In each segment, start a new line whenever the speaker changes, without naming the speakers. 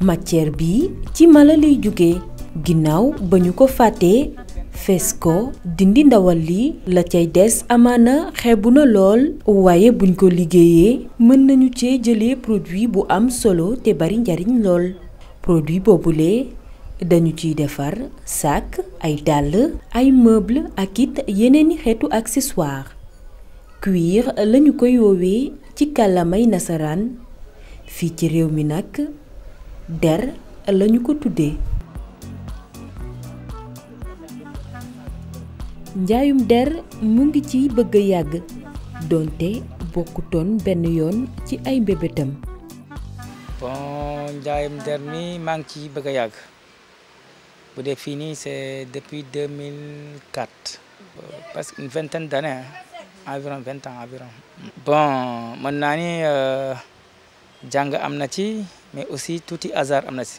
matière bi ci mala lay ginnaaw ba ñu ko fàttee fees ko dindi ndawal li la cay des amaana xeebu na lool waaye buñ ko liggéeyee mën nañu cee jële produit bu am solo te bari njariñ lool produit boobule dañu ciy defar sac ay dàll ay meuble ak it yeneeni xeetu accessoire cuir lañu koy woowee ci kàllamay nasaraan fii ci réew mi nag der lañu ko tuddee njaayum der mu ngi ci bëgg a yàgg doonte bokkutoon benn yoon ci ay mbébétam
bon njaayum der mi maa ngi ciy bëgg a yàgg bu dee fii nii c'est depuis 2004 parce que une vingtaine d'années environ vingt ans environ bon mën naa ni euh, jàng am na ci mais aussi tuuti hasard am na ci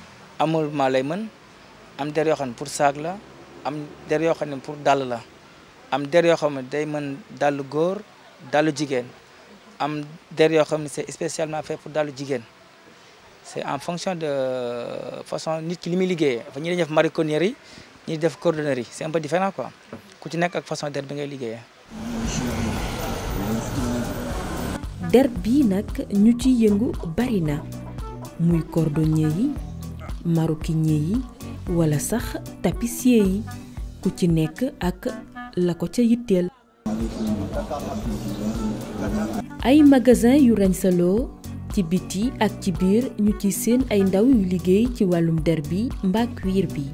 amulment lay mën am der yoo xam ne pour saag la am der yoo xam ne pour dàll la am der yoo xam ne day mën dàllu góor dàllu jigéen am der yoo xam ne c'est spécialement fait pour dàllu jigéen c'est en fonction de euh, façon nit ki li muy liggéeyee fa ñi def maroquinerie yi ñi def cordonnerie c'est un peu différent quoi ku ci nekk ak façon der bi ngay liggéeyee.
der bii nag ñu ci yëngu bari na muy cordonnier yi. maroquinier yi wala sax tapissier yi ku ci nekk ak la ko ca yitteel. ay magasin yu rañsaloo ci biti ak ci biir ñu ci seen ay ndaw yu liggéey ci wàllum derbi bi mbaa cuir bi.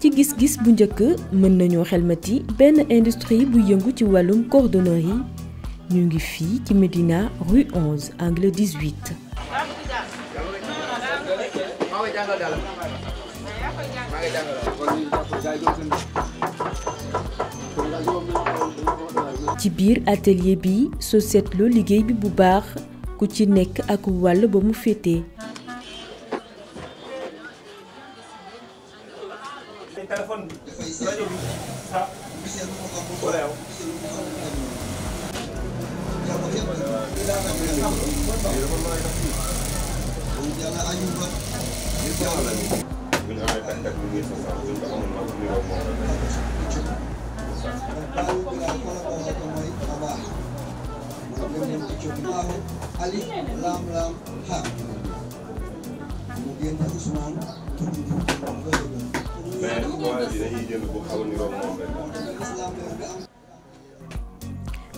ci gis-gis bu njëkk mën nañoo xelmati benn industrie bu yëngu ci wàllum cordonnerie yi Nungifi, ngi ci Médina rue 11 angle 18. Tibir atelier bi société seetloo liguey bi bu baax ku ci nek ak ba mu téléphone Ali Lam Ha.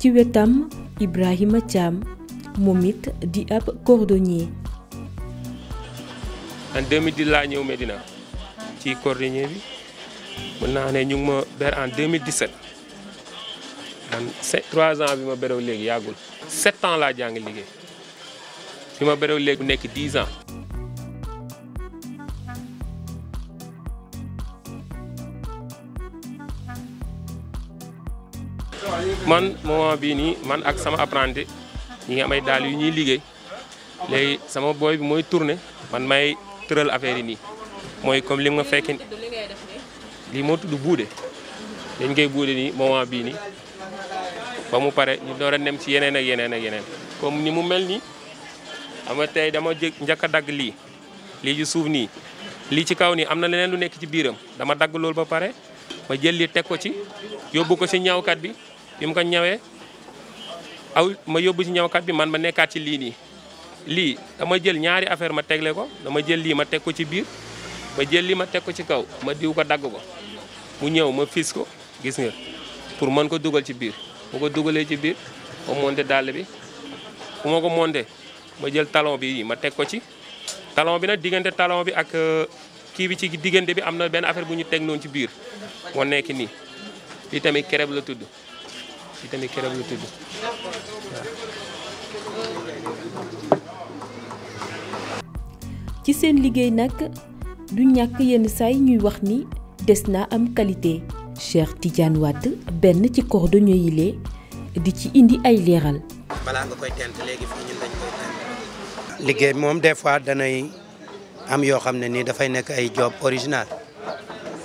ci wetam Ibrahima cham momit di ab cordonnier.
en 2010 la ñëw Medina ci cordonnier bi mën naa ne ñu ma ber en 2017 man 3 ans bi ma berew léegi yàggul 7 ans laa jàng liggéey bi ma berew léegi bu nekk 10 ans. man moment bi ni man ak sama apprenti ñi ngi am ay daal yu ñi sama boy bi moy tourner man may tëral affaire ni moy comme li nga fekkee lii moo tudd buude dañ ngay boudé ni moment bi ni ba mu pare ñu doora nem ci yenen ak yenen ak yenen comme ni mu melni ama tay dama jë njëkk a li ci suuf ci kaw ni amna leneen lu nekk ci biiram dama dag lool ba pare ma jël li teg ko ci yobbu ko ci ñaawkat bi bi mu ko ñawee aw ma yóbbu ci ñawkat bi man ma nekkaat ci lii nii lii dama jël ñaari affaire ma tegle ko dama jël lii ma teg ko ci biir ma jël lii ma teg ko ci kaw ma diw ko dagg ko mu ñëw ma fis ko gis nga pour mën ko dugal ci biir mu ko dugalee ci biir ma monté dàll bi bu ma ko monde ma jël talon bi ma teg ko ci talon bi nag diggante talon bi ak euh, kii bi ci diggante bi am na benn affaire bu ñu teg noonu ci biir moo nekk nii lii tamit kereb la tudd fi
ci seen liggéey nag du ñàkk yenn saay ñuy wax ni des na am qualité Cheikh Tidiane Wade benn ci cordonnier di ci indi ay leeral
liggéey moom des fois danay am yoo xam ne nii dafay nekk ay job original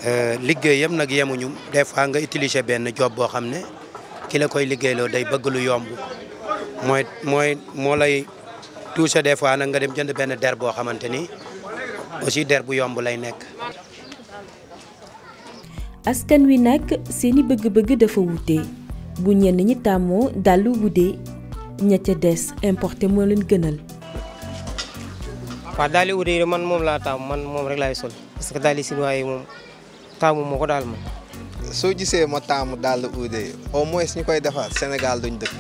euh, liggéey yam nag yemuñu des nga utiliser benn job boo xam ne ki la koy liggéeyloo day bëgg lu yomb mooy mooy moo lay touché des fois nag nga dem jënd benn der boo xamante ni aussi der bu yomb lay nekk.
askan wi nag seeni bëgg-bëgg dafa wute bu ñenn ñi tàmmoo dàll wude ña ca des importé moo leen gënal.
waaw daal di wuute man moom laa taamu man moom rek lay sol parce que daal di chinois moom taamu moo ko daal man.
soo gisee ma taamu dàll uude au moins ñu koy defar Sénégal duñ dëkk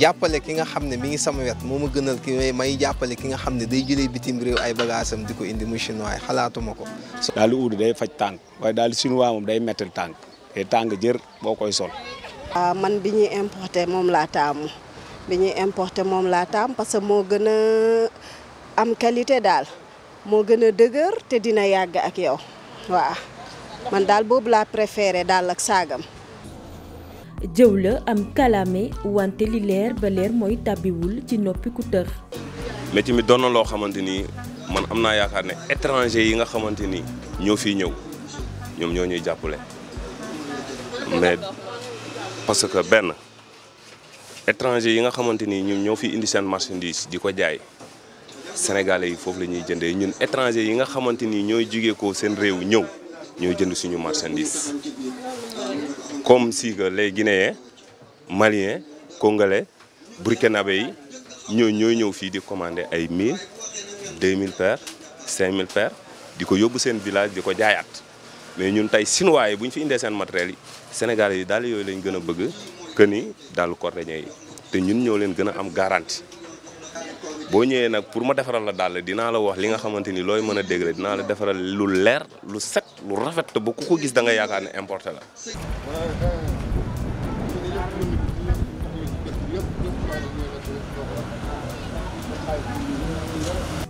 jàppale ki nga xam ne mi ngi sama wet moo ma gënal ki may jàppale ki nga xam ne day jëlee bitim réew
ay bagaasam di ko indi mu chinois yi xalaatuma ko. dàll uude day faj tànk waaye dàll chinois moom day mettal tànk te tànk jër boo koy sol.
Ah, man bi ñuy importer moom laa taamu bi ñuy importer moom laa taam parce que moo gën a am qualité daal moo gën a dëgër te dina yàgg ak yow waaw. man daal boobu laa préféré daal ak saagam. jëw la am kalaame wante li leer ba leer mooy tàbbiwul ci noppi ku tër.
métti mi doon na loo xamante ni man am naa yaakaar ne étranger yi nga xamante ni ñoo fii ñëw ñoom ñoo ñuy jàppale. mais parce que benn étranger yi nga xamante ni ñoom ñoo fi indi seen marchandise di ko jaay sénégalais yi foofu la ñuy jëndee ñun étranger yi nga xamante ni ñooy jugee ko seen réew ñëw. ñooy jënd suñu marchandise comme si que les guinéens maliens congolais burkinabé yi ñoo ñooy ñëw fii di commander ay mille 2000 paires 5000 paires di ko yóbbu seen village di ko jaayaat mais ñun tey chinois yi bu ñu fi indee seen matériel yi sénégalais yi daal yooyu lañ gën a bëgg que ni daal coréen yi te ñun ñoo leen gën a am garantie. boo ñëwee nag pour ma defaral la daal dinaa la wax li nga xamante ni looy mën a dégg la dinaa la defaral lu leer lu set lu rafet ba ku ko gis da yaakaar ne importé la.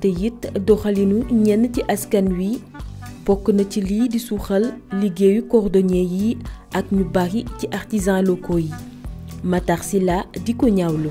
te it doxalinu ñenn ci askan wi bokk na ci lii di suuxal liggéeyu cordonnier yi ak ñu bari ci artisans locaux yi Matar Sylla di ko ñawlu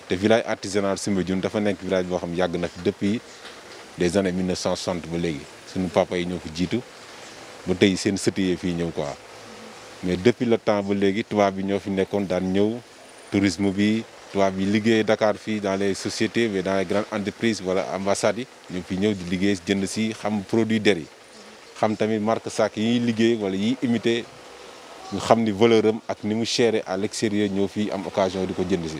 te village artisanal Soumbédioune dafa nekk village boo xam yàgg na fi depuis des années 1960 ba léegi suñu papa yi ñoo ko jiitu ba tey seen sët yi fii ñëw quoi mais depuis le temps ba léegi tubaab bi ñoo fi nekkoon daan ñëw tourisme bi tubaab yi liggéey Dakar fii dans les sociétés mais dans les grandes entreprises voilà ambassades yi ñoo fi ñëw di liggéey jënd si xam produit der yi xam tamit marque sac yi liggéey wala yiy imité ñu xam ni valeur am ak ni mu chéré à l'extérieur ñoo fi am occasion di ko jënd si.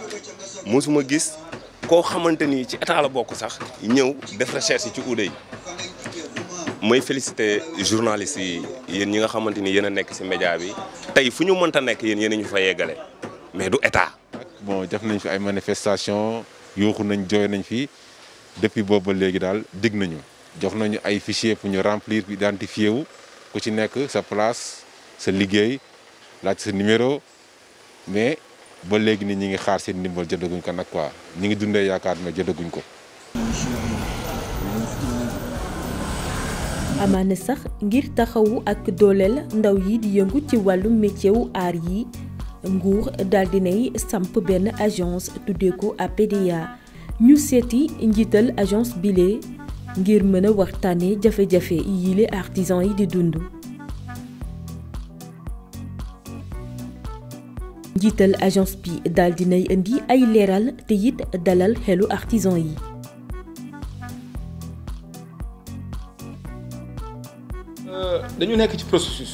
mosuma gis koo xamante ni ci état la bokk sax ñëw def recherche ci uude yi may félicité journalistes yi yéen ñi nga xamante ni yéen a nekk si média bi tey fu ñu mënta nekk yéen yéen a ñu fa yeggale
mais du état. bon def nañ fi ay manifestation yuuxu nañ jooy nañ fi depuis boobu léegi daal digg nañu jox nañu ay fichiers pour ñu remplir identifié wu ku ci nekk sa place sa liggéey laaj sa numéro mais. ba léegi ni ñi ngi xaar seen ndimbal jëndaguñ ko nag quoi ñi ngi dundee yaakaar ne jëndaguñ ko.
amaana sax ngir taxawu ak dooleel ndaw yi di yëngu ci wàllu métier wu aar yi nguur daal dinay samp benn agence tuddeeku ko APDA ñu seeti njiital agence bile ngir mën a waxtaanee jafe-jafe yile artisan yi di dund. njiital agence bi dal dinay indi ay leral te yit dalal xelu artisan yi
euh, dañu nekk ci processus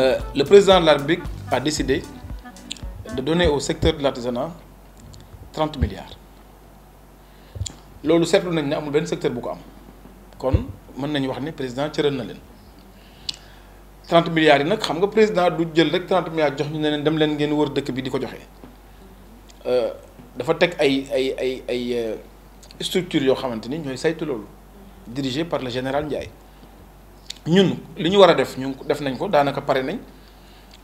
euh, le président de la République a décidé de donner au secteur de l'artisanat 30 milliards loolu seetlu nañ ne amul benn secteur bu ko am kon mën nañu wax ne président cëral na leen 30 milliards yi nag xam nga président du jël rek 30 milliards jox ñu ne leen dem leen ngeen wër dëkk bi di ko joxe euh, dafa teg ay ay ay ay euh, structures yoo xamante ni ñooy saytu loolu par le général Ndiaye ñun li ñu war a def ñu def nañ ko daanaka pare nañ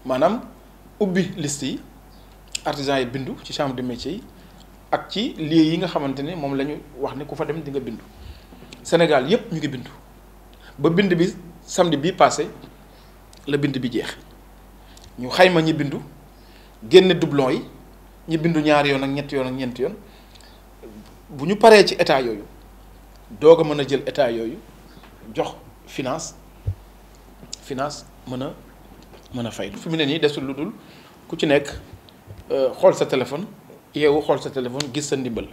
maanaam ubbi liste yi artisans yi bindu ci chambre de métier yi ak ci lieux yi nga xamante ne moom la ñu wax ne ku fa dem di nga bindu Sénégal yépp ñu ngi bindu ba bind bi samedi bii passé. la bind bi jeex ñu xayma ñi bindu génne doublon yi ñi bindu ñaari yoon ak ñetti yoon ak ñeenti yoon bu ñu paree ci état yooyu doog a mën a jël état yooyu jox finance finance mën a mën a fay fi mu ne nii desul lu ku ci nekk euh, xool sa téléphone yeewu xool sa
téléphone gis sa ndimbal.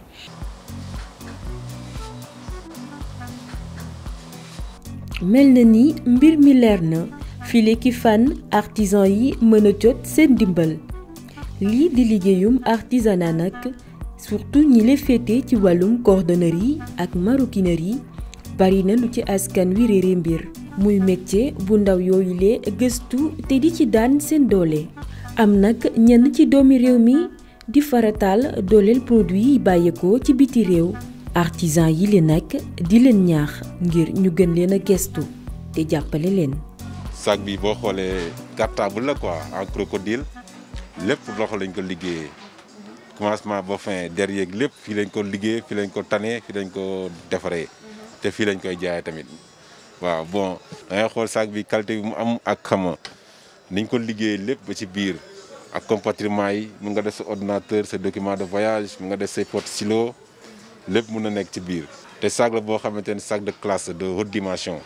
mel na ni mbir mi leer na. file ki fan artisan yi mën a jot seen ndimbal di liggéeyum artisanat nak surtout ñi le fété ci walum cordonnerie ak maroquinerie bari na lu ci askan wi réere mbir muy métier bu ndaw yooyu lee gëstu te di ci daan seen doole am nak ñenn ci doomi réew mi di farataal dooleel produit yi bàyyeekoo ci biti réew artisan yi le nak di leen ñaax ngir ñu gën leen a gestu te jàppale leen
sac bi boo xoolee cartable la quoi en crocodile lañ ko commencement ba fin derrière lepp fi lañ ko fi lañ ko fi lañ ko défaré té fi lañ koy tamit waaw bon da sac bi qualité bi mu am ak xama niñ ko ba ci biir ak compartiment yi nga ordinateur ce document de voyage mu nga def ses porte stylo lepp mu na nek ci biir té sac la bo de classe de haute dimension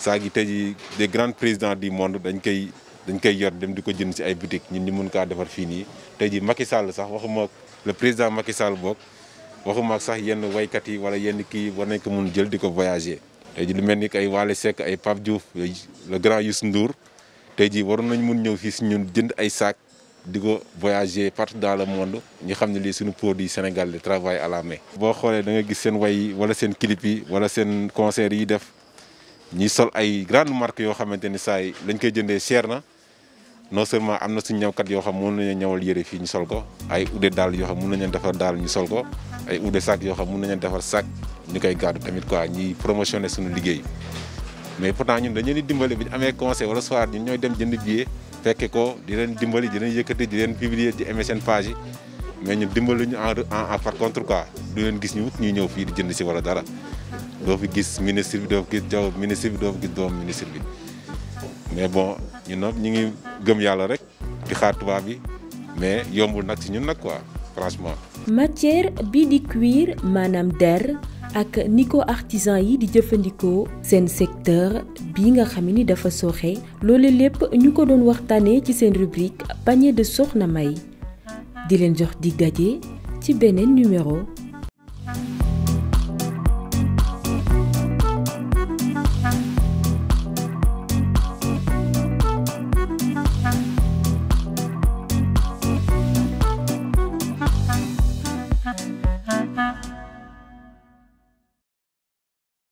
saag yi tey jii des grands présidents du monde dañ koy dañ koy yor dem diko jënd ci ay boutique ñun ni mun ka défar fini tayji tey Macky Sall sax waxuma le président Macky Sall bok waxuma sax yenn waykat yi wala yenn ki war nañ ko mun jël diko voyager. tayji lu melni kay ay Wally ay Pape Diouf le grand Youssou Ndour tayji war nañ mun ñëw fi si ñun jënd ay saak diko voyager partout dans le monde ñu xamni li suñu produit sénégalais de travail à la main. bo xolé da nga gis sen way wala sen clip yi wala sen concert yi def. ñuy sol ay grande marque yoo xamante ni saa yi lañ koy jëndee cher na non seulement am na suñu ñawkat yoo xam mën nañu ñawal yëre fii ñu sol ko ay ude daal yoo xam mën nañu defar daal ñu sol ko ay ude sac yoo xam mën nañu defar sac ñu koy gàddu tamit quoi ñuy promotionné suñu liggéey mais pourtant ñun dañu leen dimbali bi ñu amee conseil wala soir ñun ñooy dem jënd billet fekke ko di leen dimbali di leen yëkkati di leen publier ci MSN page yi mais ñun dimbali ñu en par contre quoi du leen gis ñu ñuy ñëw fii di jënd si wala dara doo fi gis ministre bi doo fi gis jaww ministre bi doo fi gis doom ministre bi mais bon ñu nag ñu ngi gëm yàlla rek di xaar tubaab bi mais yombul nag si ñun nag quoi franchement.
matière bii di cuir Manam der ak ni artisan yi di jëfëndiko seen secteur bi nga xam ni dafa soxé loole lépp ñu ko doon waxtaanee ci seen rubrique panier de Soxna May di leen jox di daje ci beneen numéro.